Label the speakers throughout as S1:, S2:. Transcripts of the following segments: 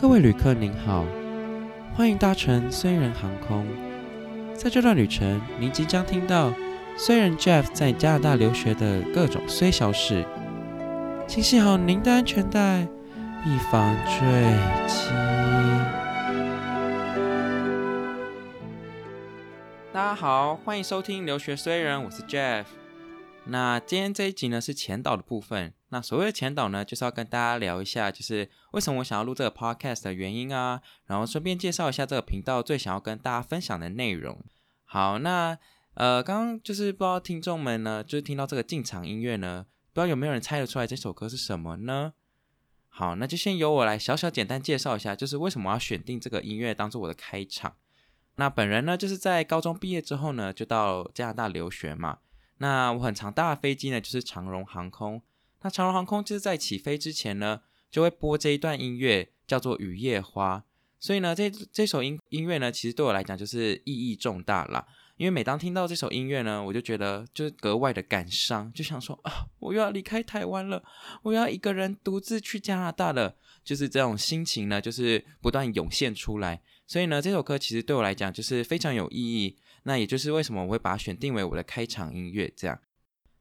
S1: 各位旅客您好，歡迎搭乘雖人航空。在這段旅程，您即將聽到雖人 Jeff 在加拿大留學的各種雖小事。請繫好您的安全帶，以防墜機。大家好，歡迎收聽留學雖人，我是 Jeff。那今天這一集呢是前導的部分。那所謂的前導呢，就是要跟大家聊一下，就是為什麼我想要錄這個 podcast 的原因啊，然後順便介紹一下這個頻道最想要跟大家分享的內容。好，那呃，剛剛就是不知道聽眾們呢，就是聽到這個進場音樂呢，不知道有沒有人猜得出來這首歌是什麼呢？好，那就先由我來小小簡單介紹一下，就是為什麼我要選定這個音樂當做我的開場。那本人呢，就是在高中畢業之後呢，就到加拿大留學嘛。那我很常搭的飛機呢，就是長榮航空。那長榮航空就是在起飛之前呢，就會播這一段音樂，叫做《雨夜花》。所以呢，這這首音音樂呢，其實對我來講就是意義重大啦。因為每當聽到這首音樂呢，我就覺得就是格外的感傷，就想說啊，我又要離開台灣了，我又要一個人獨自去加拿大了，就是這種心情呢，就是不斷湧現出來。所以呢，這首歌其實對我來講就是非常有意義。那也就是為什麼我會把它選定為我的開場音樂，這樣。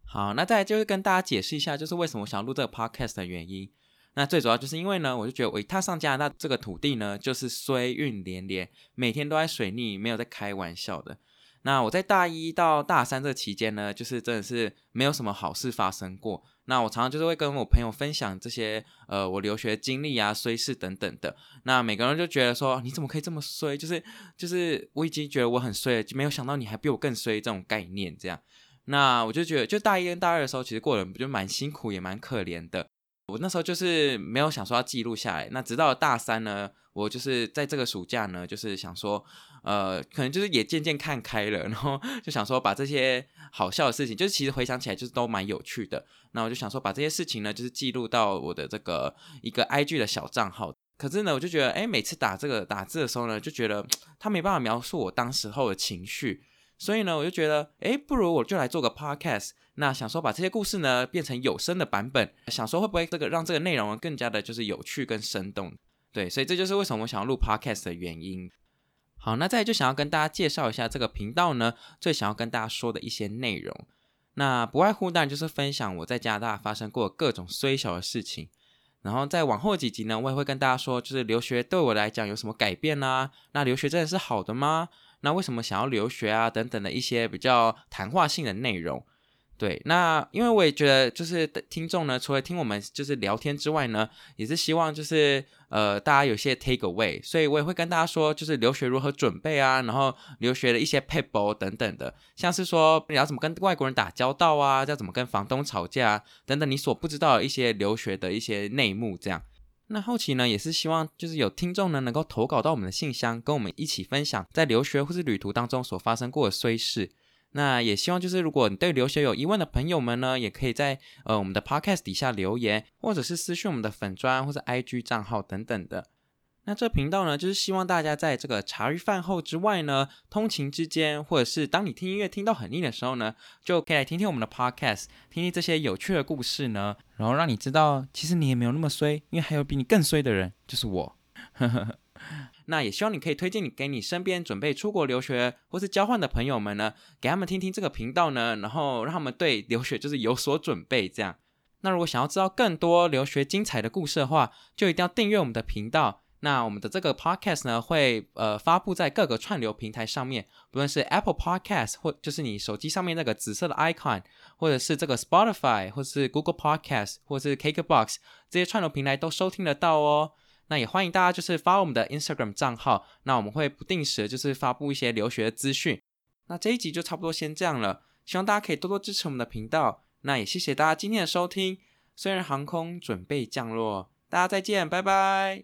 S1: 好，那再來就是跟大家解釋一下，就是為什麼我想錄這個 podcast 的原因。那最主要就是因為呢，我就覺得我一踏上加拿大這個土地呢，就是衰運連連，每天都在水逆，沒有在開玩笑的。那我在大一到大三這期間呢，就是真的是沒有什麼好事發生過。那我常常就是會跟我朋友分享這些呃我留學的經歷啊、衰事等等的。那每個人就覺得說，你怎麼可以這麼衰？就是就是我已經覺得我很衰了，就沒有想到你還比我更衰這種概念這樣。那我就覺得，就大一跟大二的時候，其實過得就蠻辛苦，也蠻可憐的。我那時候就是沒有想說要記錄下來。那直到大三呢，我就是在這個暑假呢，就是想說，呃，可能就是也漸漸看開了，然後就想說把這些好笑的事情，就是其實回想起來就是都蠻有趣的。那我就想說把這些事情呢，就是記錄到我的這個一個 IG 的小賬號可是呢，我就覺得，哎，每次打這個打字的時候呢，就覺得他沒辦法描述我當時候的情緒，所以呢，我就覺得，哎，不如我就來做個 Podcast。那想說把這些故事呢，變成有聲的版本，想說會不會這個讓這個內容更加的就是有趣跟生動，對，所以這就是為什麼我想要錄 Podcast 的原因。好，那再就想要跟大家介紹一下這個頻道呢，最想要跟大家說的一些內容。那不外乎當然就是分享我在加拿大發生過各種雖小的事情，然後再往後幾集呢，我也會跟大家說，就是留學對我來講有什麼改變啊？那留學真的是好的嗎？那為什麼想要留學啊？等等的一些比較談話性的內容。對，那因為我也覺得，就是聽眾呢，除了聽我們就是聊天之外呢，也是希望就是呃，大家有些 take away，所以我也會跟大家說，就是留學如何準備啊，然後留學的一些撇步等等的，像是說你要怎麼跟外國人打交道啊，要怎麼跟房東吵架啊等等，你所不知道的一些留學的一些內幕這樣。那後期呢，也是希望就是有聽眾呢能夠投稿到我們的信箱，跟我們一起分享在留學或是旅途當中所發生過的雖事。那也希望就是，如果你對留學有疑問的朋友們呢，也可以在呃我們的 podcast 底下留言，或者是私訊我們的粉專或者 IG 賬號等等的。那這頻道呢，就是希望大家在這個茶餘飯後之外呢，通勤之間，或者是當你聽音樂聽到很膩的時候呢，就可以來聽聽我們的 podcast，聽聽這些有趣的故事呢，然後讓你知道，其實你也沒有那麼衰，因為還有比你更衰的人，就是我。呵呵呵。那也希望你可以推薦你給你身邊準備出國留學或是交換的朋友們呢，給他們聽聽這個頻道呢，然後讓他們對留學就是有所準備。這樣，那如果想要知道更多留學精彩的故事的話，就一定要訂閱我們的頻道。那我們的這個 podcast 呢，會呃發布在各個串流平台上面，不論是 Apple Podcast 或就是你手機上面那個紫色的 icon，或者是這個 Spotify，或是 Google Podcast，或是 KKBOX，這些串流平台都收聽得到哦。那也歡迎大家就是 follow 我們的 Instagram 賬號，那我們會不定時的就是發布一些留學資訊。那這一集就差不多先這樣了，希望大家可以多多支持我們的頻道。那也謝謝大家今天的收聽，雖人航空準備降落，大家再見，拜拜。